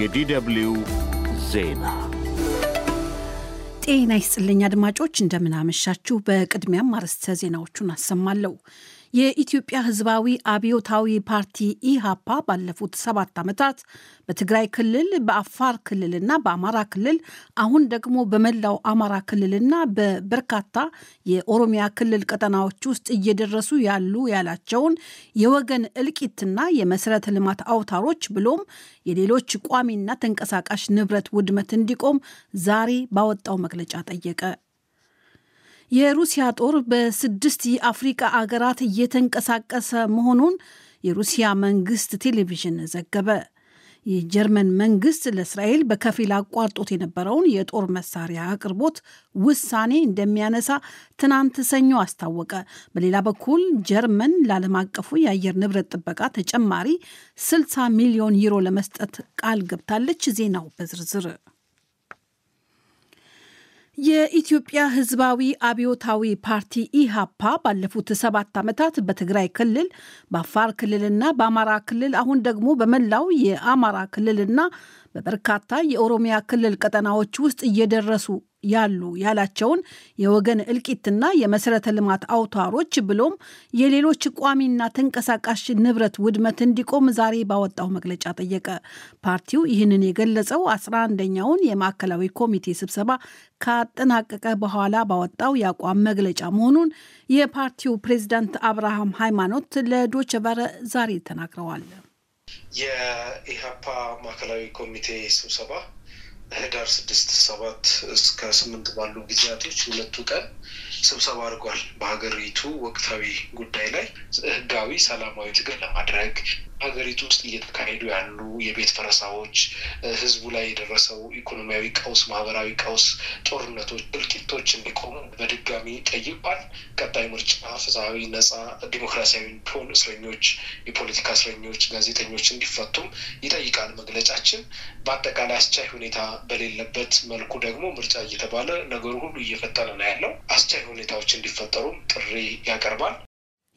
የዲደብልዩ ዜና ጤና ይስጥልኝ አድማጮች፣ እንደምናመሻችሁ። በቅድሚያም አርዕስተ ዜናዎቹን አሰማለሁ። የኢትዮጵያ ህዝባዊ አብዮታዊ ፓርቲ ኢሃፓ ባለፉት ሰባት ዓመታት በትግራይ ክልል በአፋር ክልልና በአማራ ክልል አሁን ደግሞ በመላው አማራ ክልልና በበርካታ የኦሮሚያ ክልል ቀጠናዎች ውስጥ እየደረሱ ያሉ ያላቸውን የወገን እልቂትና የመሰረተ ልማት አውታሮች ብሎም የሌሎች ቋሚና ተንቀሳቃሽ ንብረት ውድመት እንዲቆም ዛሬ ባወጣው መግለጫ ጠየቀ። የሩሲያ ጦር በስድስት የአፍሪቃ አገራት እየተንቀሳቀሰ መሆኑን የሩሲያ መንግስት ቴሌቪዥን ዘገበ። የጀርመን መንግስት ለእስራኤል በከፊል አቋርጦት የነበረውን የጦር መሳሪያ አቅርቦት ውሳኔ እንደሚያነሳ ትናንት ሰኞ አስታወቀ። በሌላ በኩል ጀርመን ለዓለም አቀፉ የአየር ንብረት ጥበቃ ተጨማሪ 60 ሚሊዮን ዩሮ ለመስጠት ቃል ገብታለች። ዜናው በዝርዝር የኢትዮጵያ ሕዝባዊ አብዮታዊ ፓርቲ ኢሃፓ ባለፉት ሰባት ዓመታት በትግራይ ክልል በአፋር ክልልና በአማራ ክልል አሁን ደግሞ በመላው የአማራ ክልልና በበርካታ የኦሮሚያ ክልል ቀጠናዎች ውስጥ እየደረሱ ያሉ ያላቸውን የወገን እልቂትና የመሰረተ ልማት አውታሮች ብሎም የሌሎች ቋሚና ተንቀሳቃሽ ንብረት ውድመት እንዲቆም ዛሬ ባወጣው መግለጫ ጠየቀ። ፓርቲው ይህንን የገለጸው አስራ አንደኛውን የማዕከላዊ ኮሚቴ ስብሰባ ካጠናቀቀ በኋላ ባወጣው የአቋም መግለጫ መሆኑን የፓርቲው ፕሬዚዳንት አብርሃም ሃይማኖት ለዶቸ ዛሬ ተናግረዋል። የኢህአፓ ማዕከላዊ ኮሚቴ ስብሰባ ህዳር ስድስት ሰባት እስከ ስምንት ባሉ ጊዜያቶች ሁለቱ ቀን ስብሰባ አድርጓል። በሀገሪቱ ወቅታዊ ጉዳይ ላይ ህጋዊ ሰላማዊ ትግል ለማድረግ ሀገሪቱ ውስጥ እየተካሄዱ ያሉ የቤት ፈረሳዎች፣ ህዝቡ ላይ የደረሰው ኢኮኖሚያዊ ቀውስ፣ ማህበራዊ ቀውስ፣ ጦርነቶች፣ እልቂቶች እንዲቆሙ በድጋሚ ጠይቋል። ቀጣይ ምርጫ ፍትሐዊ፣ ነጻ፣ ዲሞክራሲያዊ እንዲሆን እስረኞች፣ የፖለቲካ እስረኞች፣ ጋዜጠኞች እንዲፈቱም ይጠይቃል መግለጫችን። በአጠቃላይ አስቻይ ሁኔታ በሌለበት መልኩ ደግሞ ምርጫ እየተባለ ነገሩ ሁሉ እየፈጠነ ነው ያለው። አስቻይ ሁኔታዎች እንዲፈጠሩም ጥሪ ያቀርባል።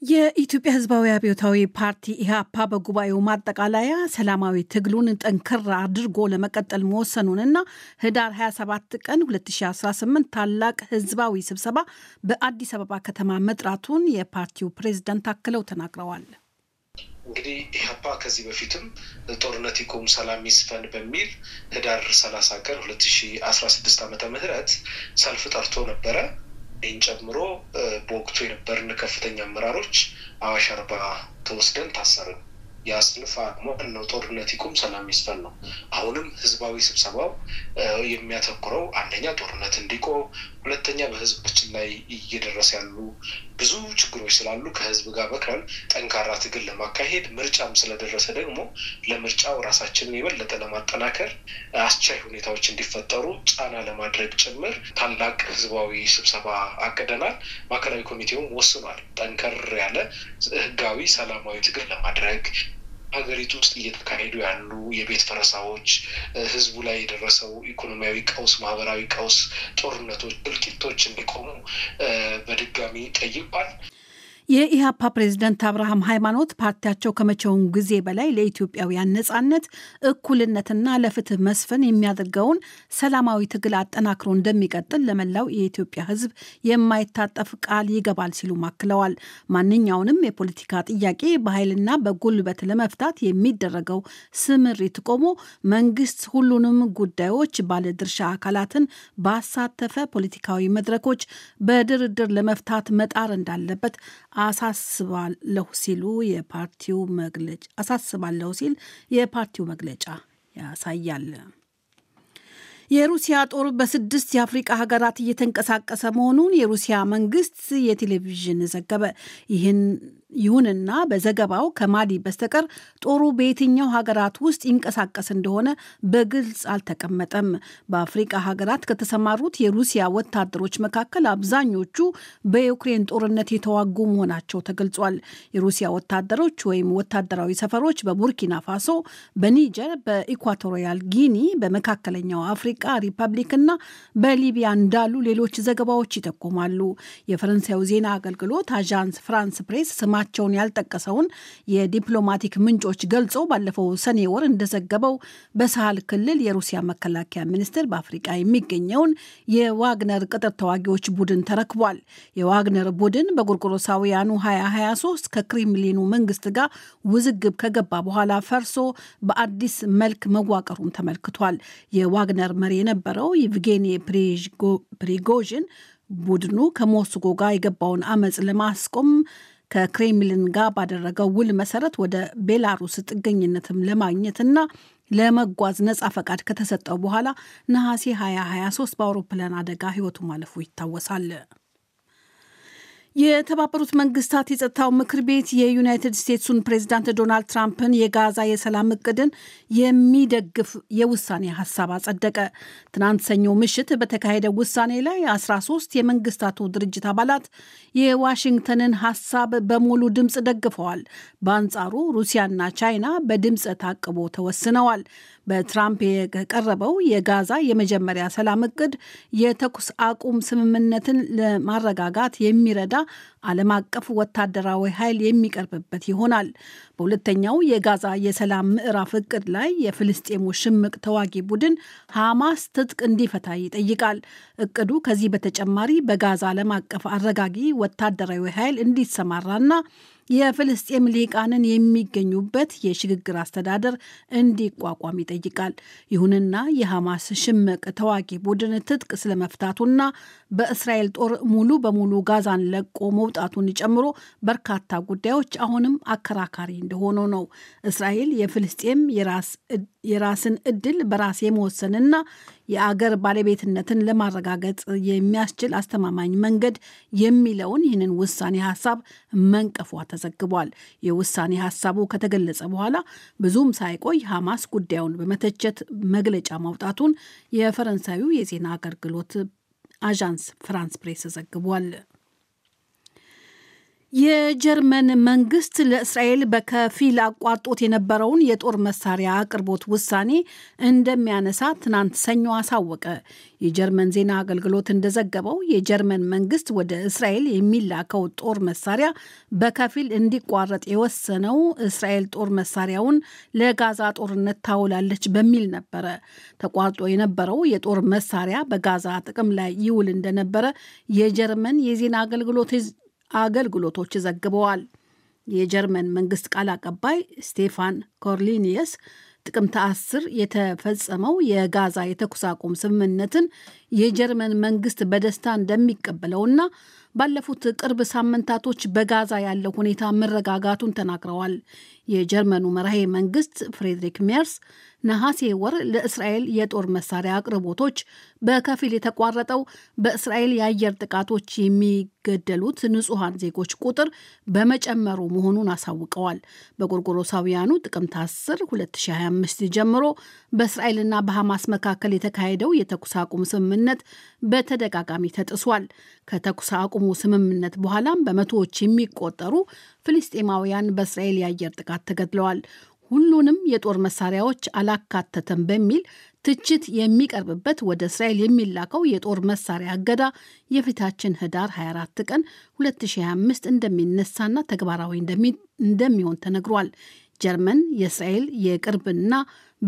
የኢትዮጵያ ሕዝባዊ አብዮታዊ ፓርቲ ኢህአፓ በጉባኤው ማጠቃለያ ሰላማዊ ትግሉን ጠንክር አድርጎ ለመቀጠል መወሰኑንና ህዳር 27 ቀን 2018 ታላቅ ህዝባዊ ስብሰባ በአዲስ አበባ ከተማ መጥራቱን የፓርቲው ፕሬዝዳንት አክለው ተናግረዋል። እንግዲህ ኢህአፓ ከዚህ በፊትም ጦርነት ይቁም ሰላም ይስፈን በሚል ህዳር 30 ቀን 2016 ዓ ምህረት ሰልፍ ጠርቶ ነበረ። ይህን ጨምሮ በወቅቱ የነበርን ከፍተኛ አመራሮች አዋሽ አርባ ተወስደን ታሰርን። የአስልፋ ዋናው ጦርነት ይቁም፣ ሰላም ይስፈን ነው። አሁንም ህዝባዊ ስብሰባው የሚያተኩረው አንደኛ ጦርነት እንዲቆም፣ ሁለተኛ በህዝባችን ላይ እየደረሰ ያሉ ብዙ ችግሮች ስላሉ ከህዝብ ጋር መክረን ጠንካራ ትግል ለማካሄድ ምርጫም ስለደረሰ ደግሞ ለምርጫው ራሳችንን የበለጠ ለማጠናከር አስቻይ ሁኔታዎች እንዲፈጠሩ ጫና ለማድረግ ጭምር ታላቅ ህዝባዊ ስብሰባ አቅደናል። ማዕከላዊ ኮሚቴውም ወስኗል። ጠንከር ያለ ህጋዊ ሰላማዊ ትግል ለማድረግ ሀገሪቱ ውስጥ እየተካሄዱ ያሉ የቤት ፈረሳዎች፣ ህዝቡ ላይ የደረሰው ኢኮኖሚያዊ ቀውስ፣ ማህበራዊ ቀውስ፣ ጦርነቶች፣ እልቂቶች እንዲቆሙ በድጋሚ ጠይቋል። የኢህአፓ ፕሬዝደንት አብርሃም ሃይማኖት ፓርቲያቸው ከመቼውን ጊዜ በላይ ለኢትዮጵያውያን ነጻነት፣ እኩልነትና ለፍትህ መስፈን የሚያደርገውን ሰላማዊ ትግል አጠናክሮ እንደሚቀጥል ለመላው የኢትዮጵያ ሕዝብ የማይታጠፍ ቃል ይገባል ሲሉ ማክለዋል። ማንኛውንም የፖለቲካ ጥያቄ በኃይልና በጉልበት ለመፍታት የሚደረገው ስምሪት ቆሞ መንግስት ሁሉንም ጉዳዮች ባለድርሻ አካላትን ባሳተፈ ፖለቲካዊ መድረኮች በድርድር ለመፍታት መጣር እንዳለበት አሳስባለሁ ሲሉ የፓርቲው መግለጫ አሳስባለሁ ሲል የፓርቲው መግለጫ ያሳያል። የሩሲያ ጦር በስድስት የአፍሪቃ ሀገራት እየተንቀሳቀሰ መሆኑን የሩሲያ መንግስት የቴሌቪዥን ዘገበ። ይህን ይሁንና በዘገባው ከማሊ በስተቀር ጦሩ በየትኛው ሀገራት ውስጥ ይንቀሳቀስ እንደሆነ በግልጽ አልተቀመጠም። በአፍሪቃ ሀገራት ከተሰማሩት የሩሲያ ወታደሮች መካከል አብዛኞቹ በዩክሬን ጦርነት የተዋጉ መሆናቸው ተገልጿል። የሩሲያ ወታደሮች ወይም ወታደራዊ ሰፈሮች በቡርኪና ፋሶ፣ በኒጀር፣ በኢኳቶሪያል ጊኒ፣ በመካከለኛው አፍሪቃ ሪፐብሊክ እና በሊቢያ እንዳሉ ሌሎች ዘገባዎች ይጠቁማሉ። የፈረንሳዩ ዜና አገልግሎት አዣንስ ፍራንስ ፕሬስ ስማቸውን ያልጠቀሰውን የዲፕሎማቲክ ምንጮች ገልጾ ባለፈው ሰኔ ወር እንደዘገበው በሳህል ክልል የሩሲያ መከላከያ ሚኒስቴር በአፍሪቃ የሚገኘውን የዋግነር ቅጥር ተዋጊዎች ቡድን ተረክቧል። የዋግነር ቡድን በጎርጎሮሳውያኑ 2023 ከክሬምሊኑ መንግስት ጋር ውዝግብ ከገባ በኋላ ፈርሶ በአዲስ መልክ መዋቀሩን ተመልክቷል። የዋግነር መሪ የነበረው የቭጌኒ ፕሪጎዥን ቡድኑ ከሞስኮ ጋር የገባውን አመፅ ለማስቆም ከክሬምሊን ጋር ባደረገው ውል መሰረት ወደ ቤላሩስ ጥገኝነትም ለማግኘትና ለመጓዝ ነፃ ፈቃድ ከተሰጠው በኋላ ነሐሴ 2023 በአውሮፕላን አደጋ ህይወቱ ማለፉ ይታወሳል። የተባበሩት መንግስታት የጸጥታው ምክር ቤት የዩናይትድ ስቴትሱን ፕሬዚዳንት ዶናልድ ትራምፕን የጋዛ የሰላም እቅድን የሚደግፍ የውሳኔ ሀሳብ አጸደቀ። ትናንት ሰኞ ምሽት በተካሄደ ውሳኔ ላይ 13 የመንግስታቱ ድርጅት አባላት የዋሽንግተንን ሀሳብ በሙሉ ድምፅ ደግፈዋል። በአንጻሩ ሩሲያና ቻይና በድምፅ ታቅቦ ተወስነዋል። በትራምፕ የቀረበው የጋዛ የመጀመሪያ ሰላም እቅድ የተኩስ አቁም ስምምነትን ለማረጋጋት የሚረዳ ዓለም አቀፍ ወታደራዊ ኃይል የሚቀርብበት ይሆናል። በሁለተኛው የጋዛ የሰላም ምዕራፍ እቅድ ላይ የፍልስጤሙ ሽምቅ ተዋጊ ቡድን ሐማስ ትጥቅ እንዲፈታ ይጠይቃል። እቅዱ ከዚህ በተጨማሪ በጋዛ ዓለም አቀፍ አረጋጊ ወታደራዊ ኃይል እንዲሰማራና የፍልስጤም ሊቃንን የሚገኙበት የሽግግር አስተዳደር እንዲቋቋም ይጠይቃል። ይሁንና የሐማስ ሽምቅ ተዋጊ ቡድን ትጥቅ ስለመፍታቱና በእስራኤል ጦር ሙሉ በሙሉ ጋዛን ለቆ መውጣቱን ጨምሮ በርካታ ጉዳዮች አሁንም አከራካሪ እንደሆኑ ነው። እስራኤል የፍልስጤም የራስን እድል በራስ የመወሰንና የአገር ባለቤትነትን ለማረጋገጥ የሚያስችል አስተማማኝ መንገድ የሚለውን ይህንን ውሳኔ ሀሳብ መንቀፏ ተዘግቧል። የውሳኔ ሀሳቡ ከተገለጸ በኋላ ብዙም ሳይቆይ ሐማስ ጉዳዩን በመተቸት መግለጫ ማውጣቱን የፈረንሳዩ የዜና አገልግሎት አዣንስ ፍራንስ ፕሬስ ዘግቧል። የጀርመን መንግስት ለእስራኤል በከፊል አቋርጦት የነበረውን የጦር መሳሪያ አቅርቦት ውሳኔ እንደሚያነሳ ትናንት ሰኞ አሳወቀ። የጀርመን ዜና አገልግሎት እንደዘገበው የጀርመን መንግስት ወደ እስራኤል የሚላከው ጦር መሳሪያ በከፊል እንዲቋረጥ የወሰነው እስራኤል ጦር መሳሪያውን ለጋዛ ጦርነት ታውላለች በሚል ነበረ። ተቋርጦ የነበረው የጦር መሳሪያ በጋዛ ጥቅም ላይ ይውል እንደነበረ የጀርመን የዜና አገልግሎት አገልግሎቶች ዘግበዋል። የጀርመን መንግስት ቃል አቀባይ ስቴፋን ኮርሊኒየስ ጥቅምት አስር የተፈጸመው የጋዛ የተኩስ አቁም ስምምነትን የጀርመን መንግስት በደስታ እንደሚቀበለውና ባለፉት ቅርብ ሳምንታቶች በጋዛ ያለው ሁኔታ መረጋጋቱን ተናግረዋል። የጀርመኑ መራሄ መንግስት ፍሬድሪክ ሜርስ ነሐሴ ወር ለእስራኤል የጦር መሳሪያ አቅርቦቶች በከፊል የተቋረጠው በእስራኤል የአየር ጥቃቶች የሚገደሉት ንጹሐን ዜጎች ቁጥር በመጨመሩ መሆኑን አሳውቀዋል። በጎርጎሮሳውያኑ ጥቅምት 10 2025 ጀምሮ በእስራኤልና በሐማስ መካከል የተካሄደው የተኩስ አቁም ስምምነት በተደጋጋሚ ተጥሷል። ከተኩስ አቁሙ ስምምነት በኋላም በመቶዎች የሚቆጠሩ ፍልስጤማውያን በእስራኤል የአየር ጥቃት ተገድለዋል። ሁሉንም የጦር መሳሪያዎች አላካተተም በሚል ትችት የሚቀርብበት ወደ እስራኤል የሚላከው የጦር መሳሪያ እገዳ የፊታችን ህዳር 24 ቀን 2025 እንደሚነሳና ተግባራዊ እንደሚሆን ተነግሯል። ጀርመን የእስራኤል የቅርብና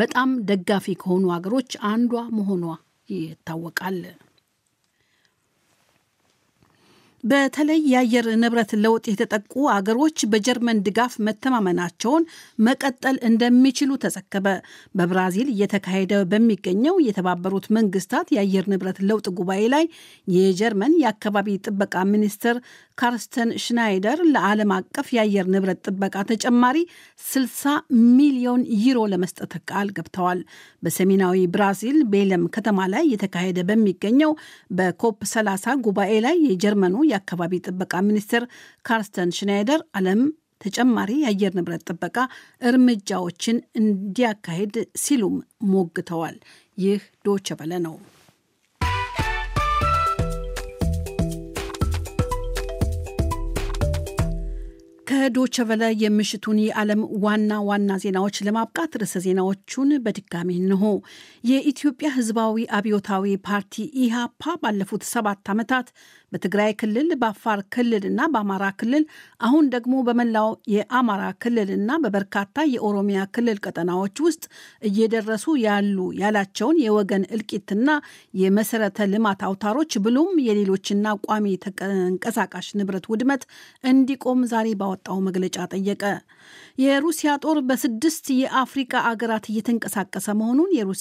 በጣም ደጋፊ ከሆኑ አገሮች አንዷ መሆኗ ይታወቃል። በተለይ የአየር ንብረት ለውጥ የተጠቁ አገሮች በጀርመን ድጋፍ መተማመናቸውን መቀጠል እንደሚችሉ ተዘከበ። በብራዚል እየተካሄደ በሚገኘው የተባበሩት መንግስታት የአየር ንብረት ለውጥ ጉባኤ ላይ የጀርመን የአካባቢ ጥበቃ ሚኒስትር ካርስተን ሽናይደር ለዓለም አቀፍ የአየር ንብረት ጥበቃ ተጨማሪ 60 ሚሊዮን ዩሮ ለመስጠት ቃል ገብተዋል። በሰሜናዊ ብራዚል ቤለም ከተማ ላይ የተካሄደ በሚገኘው በኮፕ 30 ጉባኤ ላይ የጀርመኑ የአካባቢ ጥበቃ ሚኒስትር ካርስተን ሽናይደር ዓለም ተጨማሪ የአየር ንብረት ጥበቃ እርምጃዎችን እንዲያካሄድ ሲሉም ሞግተዋል። ይህ ዶቸበለ ቬለ ነው። ከዶቸበለ ቬለ የምሽቱን የዓለም ዋና ዋና ዜናዎች ለማብቃት ርዕሰ ዜናዎቹን በድጋሚ እንሆ። የኢትዮጵያ ሕዝባዊ አብዮታዊ ፓርቲ ኢህአፓ ባለፉት ሰባት ዓመታት በትግራይ ክልል፣ በአፋር ክልል እና በአማራ ክልል አሁን ደግሞ በመላው የአማራ ክልል እና በበርካታ የኦሮሚያ ክልል ቀጠናዎች ውስጥ እየደረሱ ያሉ ያላቸውን የወገን እልቂትና የመሰረተ ልማት አውታሮች ብሎም የሌሎችና ቋሚ ተንቀሳቃሽ ንብረት ውድመት እንዲቆም ዛሬ ባወጣው መግለጫ ጠየቀ። የሩሲያ ጦር በስድስት የአፍሪካ አገራት እየተንቀሳቀሰ መሆኑን የሩሲያ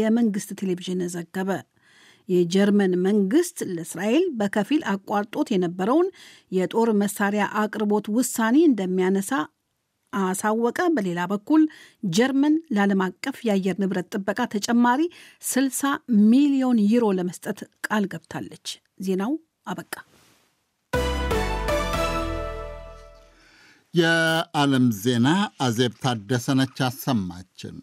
የመንግስት ቴሌቪዥን ዘገበ። የጀርመን መንግስት ለእስራኤል በከፊል አቋርጦት የነበረውን የጦር መሳሪያ አቅርቦት ውሳኔ እንደሚያነሳ አሳወቀ። በሌላ በኩል ጀርመን ለዓለም አቀፍ የአየር ንብረት ጥበቃ ተጨማሪ 60 ሚሊዮን ዩሮ ለመስጠት ቃል ገብታለች። ዜናው አበቃ። የዓለም ዜና አዜብ ታደሰነች አሰማችን።